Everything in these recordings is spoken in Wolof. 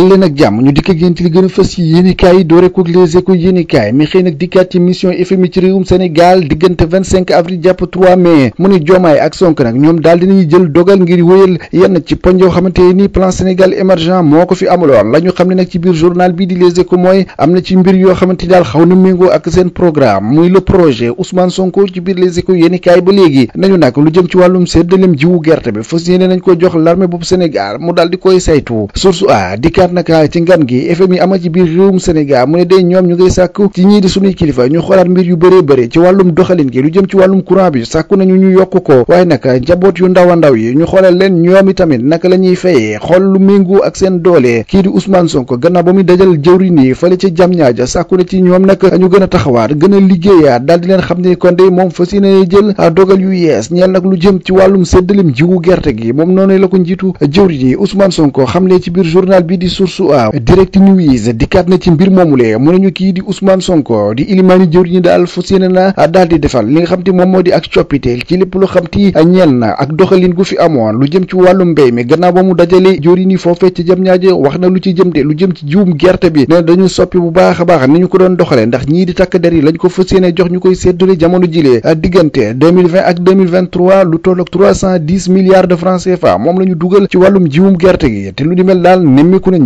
dal leen ak jàmm ñu dikk ak yéen ci li gën a fës ci yéenekaay yi doore ko les échos yéenekaay mi xëy nag dikkaat ci mission FMI ci réewum Sénégal diggante 25 avril jàpp 3 mai mu ni Diomaye ak Sonko nag ñoom daal dinañuy jël dogal ngir wéyal yenn ci poñ yoo xamante ni plan Sénégal émergent moo ko fi amaloon la ñu xam ne nag ci biir journal bii di les échos mooy am na ci mbir yoo xamante daal xaw na méngoo ak seen programme muy le projet Ousmane Sonko ci biir les échos yéenekaay ba léegi nañu nag lu jëm ci wàllum séddalem jiwu gerte bi fas yéene nañ ko jox l'armée bu Sénégal mu daal di koy saytu source a dikkaat ñaar nag ah, ci ngan gi FMI amal ci biir réewum Sénégal mu ne de ñoom ñu ngay sàkku ci ñii di suñuy kilifa ñu xoolaat mbir yu bëree bëri ci wàllum doxalin gi lu jëm ci wàllum courant bi sàkku nañu ñu yokk ko waaye nag ah, njaboot yu a ndaw yi ñu xoolal leen ñoom itamit naka la ñuy fayee xool lu méngoo ak seen doole kii di Ousmane Sonko ba muy dajal jëwri nii fële ca jam ñaaja sàkku na ci ñoom nag ñu gën a taxawaat gën a liggéeyaat daal di leen xam ne kon de moom fas yéene jël ah, dogal yu yees ñeel nag lu jëm ci wàllum séddalim jiwu gerte gi moom noonu la ko njiitu jëwri nii Ousmane Sonko xamle ci biir journal bi di source a direct news dikkaat na ci mbir moomulee mu nañu kii di Ousmane Sonko di ilimaani jëwriñu daal fa na daal defal li nga xam te moom moo di ak coppite ci lépp lu xam ti ñeel na ak doxalin gu fi amoon lu jëm ci wàllu mbéy mi gannaaw ba mu dajale jëwriñ yi foofee ci jëm ñaaje wax na lu ci jëm de lu jëm ci jiwum gerte bi ne dañu soppi bu baax a baax ni ñu ko doon doxale ndax ñii di takk der yi lañ ko fa séene jox ñu koy séddale jamono jilee diggante 2020 ak 2023 lu toll ak 310 milliards de francs CFA moom la ñu dugal ci wàllum jiwum gerte gi te lu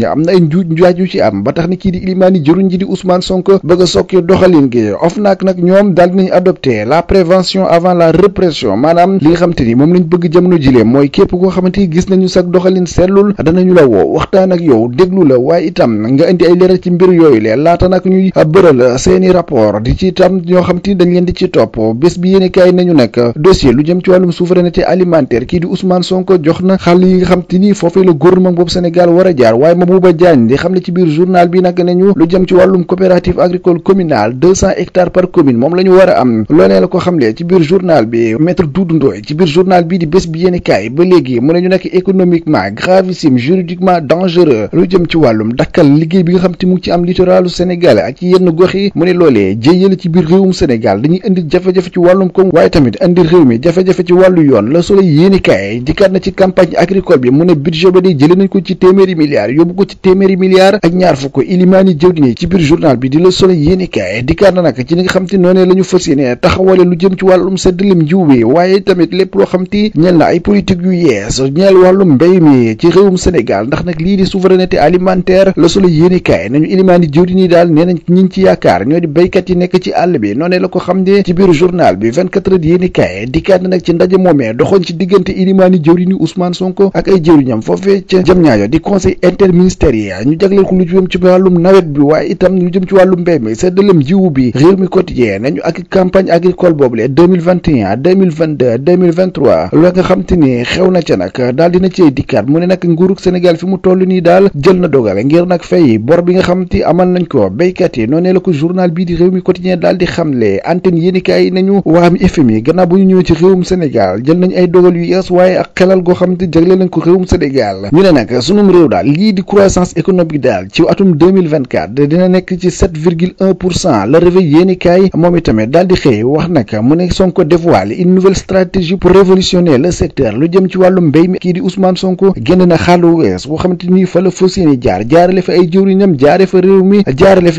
ne am na ay njuuj njuwaaj yu ci am ba tax ni kii di Ilimani jëruñ ji di Ousmane Sonko bëgg a sokki doxalin gi OFNAC nag ñoom daal dinañ adopté la prévention avant la répression maanaam li nga xamante ni moom lañ bëgg jamono jile mooy képp koo xamante ni gis nañu la woo waxtaan ak yow déglu la waaye itam nga indi ay leeral ci mbir yooyu lee laata nag ñuy bëral seeni rapport di ci itam ñoo xamante ni dañ leen di ci topp bés bi yéene kaay nañu nag dossier lu jëm ci wàllum souveraineté alimentaire kii di Ousmane Sonko jox na xal yi nga xamante ni foofee la gouvernement boobu Sénégal war a jaar waaye moom Bouba Diagne di xam ne ci biir journal bi nag nañu lu jëm la a am loonee la ne ñu lu jëm ci wàllum dakkal waaye tamit indi réew mi jafe-jafe ci wàllu yoon Le Soleil yéen kaay na ci campagne agricole bi mu ne budget ba de jëlee nañ ko ci téeméeri milliards yóbbu ko ci téeméeri milliards ak ñaar fukk ilimaani jëwriñ yi ci biir journal bi di na nag ci li la ñu fas yéene taxawale lu jëm ci wàllum seddalim jiw bi waaye Soleil yéenekaay nañu dikkaat nag ci ndaje moomee doxoon ci diggante ilimaani jëwriñ yi Ousmane Sonko ak ay jëwriñam foofee ca jëm ñaayo di conseil ministères yi ñu jagleel ko lu jëm ci wàllum nawet bi waaye itam lu jëm ci wàllum mbéy mi seddalem jiwu bi réew mi quotidien ni na ca nag daal dina cey dikkaat mu ne nag nii daal jël na dogale ngir nag fay bor bi nga xam te amal nañ ko béykat yi noonee la ko journal bii di réew mi quotidien daal di xamle antenne yéenikaay nañu waa mi FMI gannaaw bu ñu ñëwee ci réewum Sénégal jël nañ ay dogal yu yees waaye ak xelal goo xam te jagleel nañ ko réewum Sénégal ñu ne nag sunum réew daal lii di croissance économique daal ci atum 2024 dina nekk ci 7 virgule 1 pour cent la réveil yéeni kaay moom itamit daal di xëy wax nag mu ne Sonko dévoile une nouvelle stratégie pour révolutionner le secteur lu jëm ci wàllu mbéy mi kii di Ousmane Sonko génn na xaalu wees boo xamante ni fa réew mi jaarale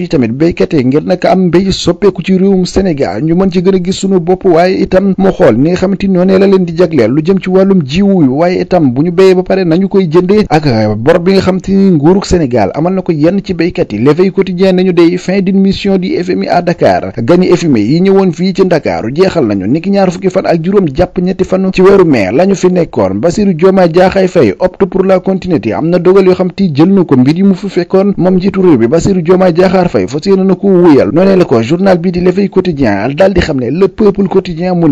ñu mën ci gën a gis sunu bopp waaye itam moo xool ni nga xamante ni noonee la leen di jagleel lu jëm ci wàllum jiwu waaye itam bu ñu béyee ba pare nañu koy jëndee ak bor bi nga xamante nii nguurug Sénégal amal na ko yenn ci béykat yi l'éveil quotidien nañu dey fin d'une mission du FMI à Dakar gani FMI yi ñëwoon fii ci Ndakaaru jeexal nañu niki ñaar fukki fan ak juróom jàpp ñetti fan ci weeru mai lañu fi nekkoon Bassirou Diomaye Diakhar Faye opte pour la continuité am na dogal yoo xam ti jël na ko mbir yi mu fi fekkoon moom njiitu réew bi Bassirou Diomaye Diakhar Faye fas yéene na ko wuyal noonee ko journal bi di l'éveil quotidien quotidien mu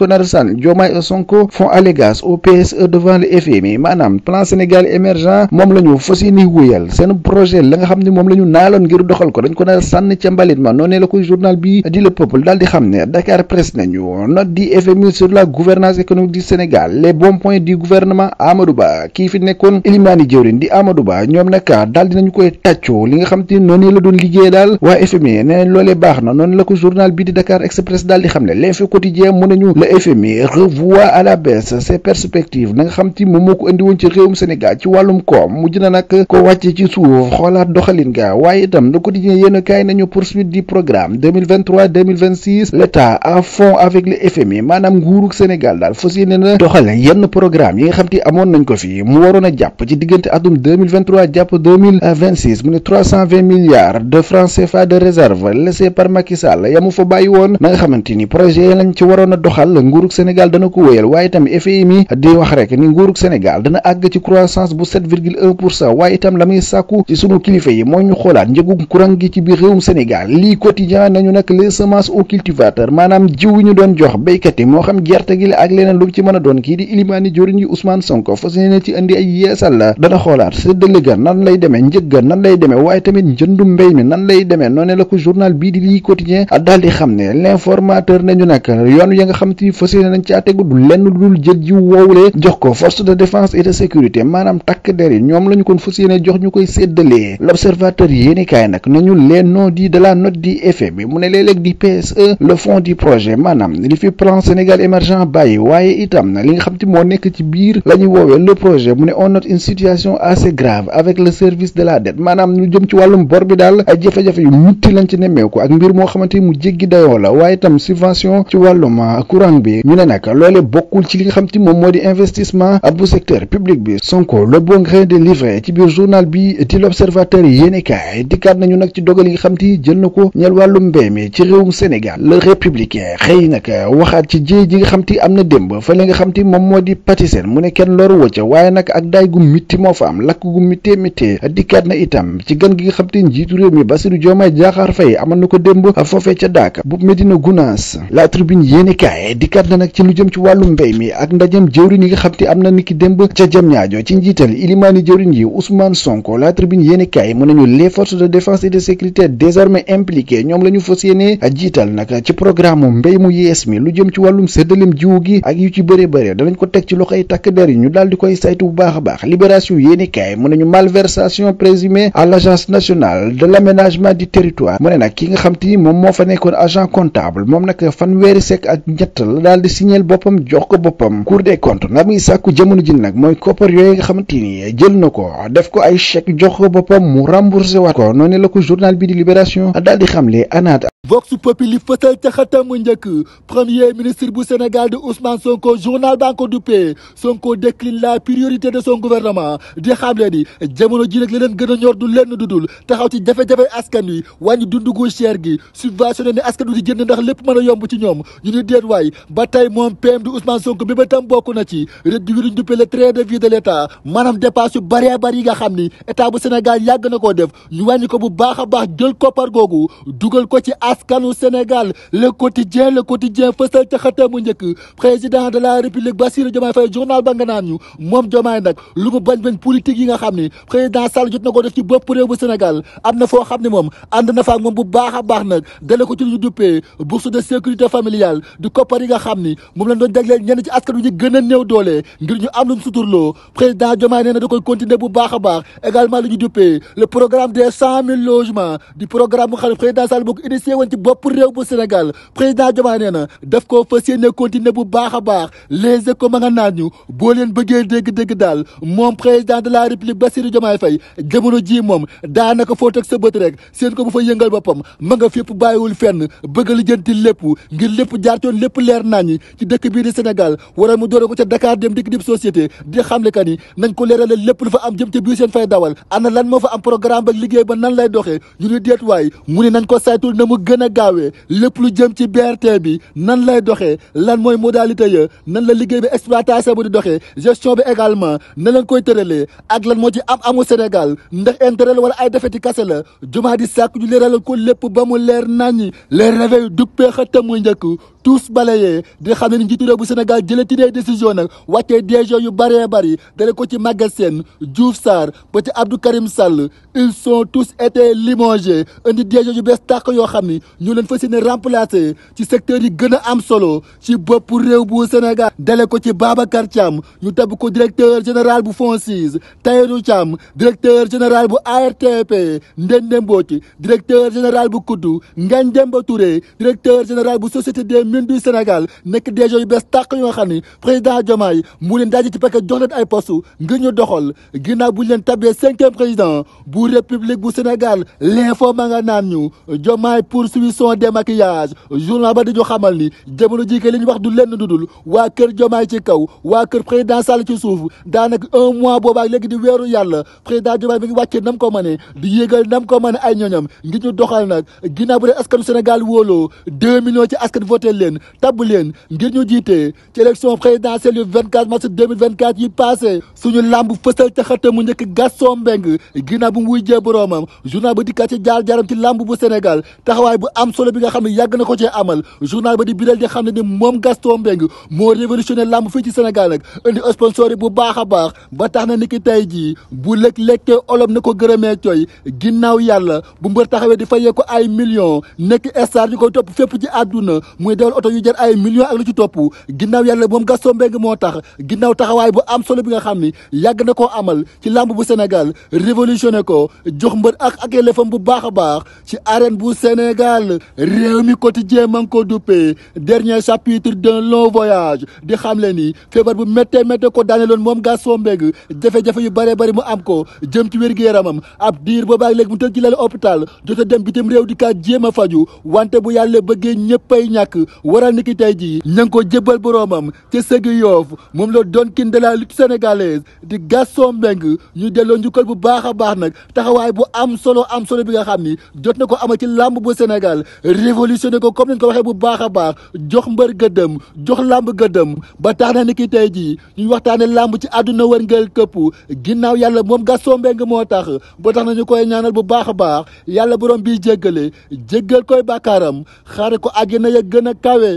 a a Diomaye et Sonko font allégeance au PSE devant le FMI maanaam plan Sénégal émergent moom la ñu fas yéene wuyal seen projet la nga xam ne moom la ñu naaloon ngir doxal ko dañ ko nar sànn ca mbalit ma noonee la koy journal bi di le peuple daal di xam ne Dakar Presse nañu note di FMI sur la gouvernance économique du Sénégal les bons points du gouvernement Amadou kii fi nekkoon Elimani Diawrin di Amadou Ba ñoom nag daal dinañu koy tàccoo li nga xam te noonu la doon liggéey daal waa FMI na noonu la ko journal bi di Dakar Express daal di xam ne l'info quotidien revoit à la baisse ses perspectives la nga xam ti moom moo ko indi woon ci réewum Sénégal ci wàllum koom mu na nag ko wàcce ci suuf xoolaat doxalin ga waaye itam le quotidien yéen kaay nañu poursuite du programme 2023 2026 l'état à fond avec le FMI maanaam nguurug Sénégal daal fas yéene na doxale yenn programme yi nga xam ti amoon nañ ko fii mu waroon a jàpp ci diggante atum 2023 jàpp 2026 mu ne 320 milliards de francs CFA de réserve laissés par Macky Sall yamu fa woon na nga xamante ni projet yi ci waroon doxal nguurug Sénégal Sénégal dana ko wéyal waaye itam FMI di wax rek ni nguurug Sénégal dana àgg ci croissance bu 7 virgule 1 pour cent waaye itam la muy sàkku ci sunu kilifa yi mooy ñu xoolaat njëgu courant gi ci biir réewum Sénégal lii quotidien nañu nag les semences aux cultivateurs maanaam jiw ñu doon jox béykat moo xam gerte gi la ak leneen lu ci mën a doon kii di ilimaani jorin yi Ousmane Sonko fas yéene ci indi ay yeesal la dana xoolaat séddale ga nan lay demee njëg ga caa tegu du lenn lu dul jël ji woowulee jox ko force de défense et de sécurité maanaam takk der yi ñoom la ñu kon fas yéene jox ñu koy séddalee l'observateur yéeni kaay nag nañu les noms dits de la note du FMI mu ne léeg-léeg di PSE le fond du projet maanaam li fi plan Sénégal émergent bàyyi waaye itam na li nga xam te moo nekk ci biir la ñuy woowee le projet mu ne on note une situation assez grave avec le service de la dette maanaam lu jëm ci wàllum bor bi daal ay jafe-jafe lañ ci nemmeeku ak mbir moo xamante mu jéggi dayoo la waaye itam subvention ci wàllum courant bi ñu ne nag loole bokkul ci li nga xam te moom moo di investissement bu secteur public bi Sonko le bon grain de livrer ci biir journal bi di l'observateur yéenekaay dikkaat nañu nag ci dogal yi nga xam te jël na ko ñel wàllum mbéy mi ci réewum Sénégal le républicain xëy nag waxaat ci jéey ji nga xam te am na démb fële nga xam te moom moo di Patisen mu ne kenn loru wëcca waaye nag ak daay gu mitti moo am lakk gu mittee mittee dikkaat na itam ci gan gi nga xam te njiitu réew mi Bassirou Diomaye Diakhar Faye aman na ko démb foofee ca Daaka bu Medina Gounass la tribune yéenekaay dikkaat na nag ci lu jëm ci wàllum mbéy mi ak ndajem jëwrin yi nga xam te am na niki démb ca jëm ñaajo ci njiital ilimaani jëwrin yi Ousmane Sonko la tribune yéeni kaay mën nañu les forces de défense et de sécurité désormais impliquées ñoom la ñu fas yéene jiital nag ci programme mbéy mu yees mi lu jëm ci wàllum séddalem jiwu gi ak yu ci bëree bëri danañ ko teg ci loxo loxoy takk der yi ñu daal di koy saytu bu baax baax libération yéeni kaay mën nañu malversation présumée à l' agence nationale de l' aménagement du territoire mu ne nag ki nga xam te ni moom moo fa nekkoon agent comptable moom nag fanweeri sek ak ñett ñeel boppam jox ko boppam cour des comptes la muy sàkku jamono ji nag mooy koppar yooyu nga xamante jël na ko def ko ay chèque jox ko boppam mu remboursé waat ko noonu la ko journal bi di libération daal di xamle anaat vox populi fësal ca xëtamu njëkk premier ministre bu Sénégal di Ousmane Sonko journal baa ko duppee Sonko décline la priorité de son gouvernement di xamle ni jamono ji nag la leen gën a ñor du lenn dudul taxaw ci jafe-jafe askan wi wàññi dundu gu cher gi subventionné a yomb ci ñoom ñu ni déet waay moom PM di Ousmane Sonko bi ba tam bokk na ci réduire ñu duppee le train de vie de l' état maanaam yu bëree yi nga xam ni état bu Sénégal yàgg na koo def ñu wàññi ko bu baax a baax jël koppar googu dugal ko ci askanu Sénégal le quotidien le quotidien fësal ca xëtamu njëkk président de la république Bassirou Diomaye Faye journal ba nga naan ñu moom Diomaye nag lu mu bañ bañ politique yi nga xam ni président Sall jot na ko def ci bopp réew bu Sénégal am na foo xam ne moom ànd na fa ak moom bu baax a baax nag dale ko ci lu ñu duppee bourse de yi nga xam ni moom lañ doon jagleel ñenn ci askan wi ñu gën a néew doole ngir ñu am luñ suturloo président Diomaye nee na da koy continuer bu baax a baax également lu ñu duppee le programme de cent mille logements du programme bu xam ne président Sall moo ko initié woon ci bopp réew bu Sénégal président Diomaye nee na daf koo fas yéene bu baax a baax les échos ma nga naan ñu boo leen bëggee dégg-dégg daal moom président de la république Bassirou Diomaye Faye jamono ji moom daanaka foo teg sa bët rek seen ko bu fa yëngal boppam ma nga fépp bàyyiwul fenn bëgg a lépp ngir lépp jaar lépp leer naññi ci dëkk bii di Sénégal waral mu doore ko ca Dakar dem dikk dib société di xamle ka ni nañ ko leerale lépp lu fa am jëm ca biir seen fay dawal ana lan ba liggéey ba nan lay doxee ñu ko saytul na mu gën a gaawee lépp lu jëm ci BRT bi nan lay doxee lan mooy modalité ya nan la liggéey bi exploitation bu di doxee gestion bi également na leen koy tëralee ak lan moo ci am amu Sénégal ndax intérêt la wala ay defeti kase la jumaa di sàkk ñu leeralal ko lépp ba mu leer naññi les réveils duppee xëttam muy njëkk tous balayé di xam xam ne ni njiitu réew bu Sénégal jëlati nay décision nag wàccee DG yu bëree bëri dale ko ci Maguette Sène Diouf Sarr ba ci Abdou Karim Sall ils sont tous été limogés indi DG yu bees tàq yoo xam ni ñu leen fas yéene remplacer ci secteur yi gën a am solo ci bopp réew bu Sénégal dale ko ci Babacar Thiam ñu tabb ko directeur général bu FONSIS Tahirou Thiam directeur général bu ARTP Ndendé Mbodj directeur général bu COUD Ngagne Demba Touré directeur général bu Société des Mines du Sénégal DG yu bees tàq yoo xam ni président Diomaye mu leen daje ci paquet jox leen ay poste ngir ñu doxal ginnaaw bu ñu ba dañu xamal ni jamono jii li ñu wax du lenn dudul waa kër Diomaye ci kaw waa kër président Sall ci suuf daanaka un mois boobaa léegi di weeru yàlla président Diomaye mi ngi wàccee nam ko mënee di yéegal nam ko mënee ay ñoñam ngir ñu doxal nag ginnaaw bu dee askanu Sénégal wóoloo deux millions ci askan voté leen tabb leen ngir bi ñu jiitee ci élection présidentielle yu 24 mars 2024 yi passé suñu làmb fësal ca mu njëkk Gaston Mbengue ginnaaw bu mu wujjee boroomam journal ba dikkaat ci jaar-jaaram ci làmb bu Sénégal taxawaay bu am solo bi nga xam ni yàgg na ko cee amal journal ba di biral di xam ne ni moom Gaston Mbengue moo révolutionné làmb fii ci Sénégal nag indi sponsor bu baax a baax ba tax na ni ki tey bu lëg-lekkee olom na ko gërëmee coy ginnaaw yàlla bu mbër taxawee di fayee ko ay millions nekk star ñu koy topp fépp ci àdduna ci topp ginnaaw yàlla moom Gaston Mbengue moo tax ginnaaw taxawaay bu am solo bi nga xam ni yàgg na koo amal ci làmb bu Sénégal révolutionné ko jox mbër ak ak yelleefam bu baax a baax ci arène bu Sénégal réew mi quotidien ma ngi ko duppee dernier chapitre d'un long voyage di xamle ni feebar bu méttee méttee ko daane loon moom Gaston Mbengue jafe-jafe yu bëree bëri mu am ko jëm ci wér-gu-yaramam ab diir boobaag léegi mu tëj ci lal hôpital jot a dem bitim réew di kaa jéem a faju wante bu yàlla bëggee na nga ko jébal boroomam ci sëgi yoof moom la doon kin de la lutte sénégalaise di Gaston mbeng ñu delloo njukkal bu baax a baax nag taxawaay bu am solo am solo bi nga xam ni jot na ko ama ci làmb bu Sénégal révolutionné ko comme ni ko waxee bu baax a baax jox mbër gëddëm jox làmb gëddëm ba tax na ni ki tey jii ñuy waxtaane làmb ci àdduna wërngël këpp ginnaaw yàlla moom Gaston mbeng moo tax boo tax na ñu koy ñaanal bu baax a baax yàlla boroom bi jéggale jéggal koy bàkkaaram xaare ko àjjana gën a kawe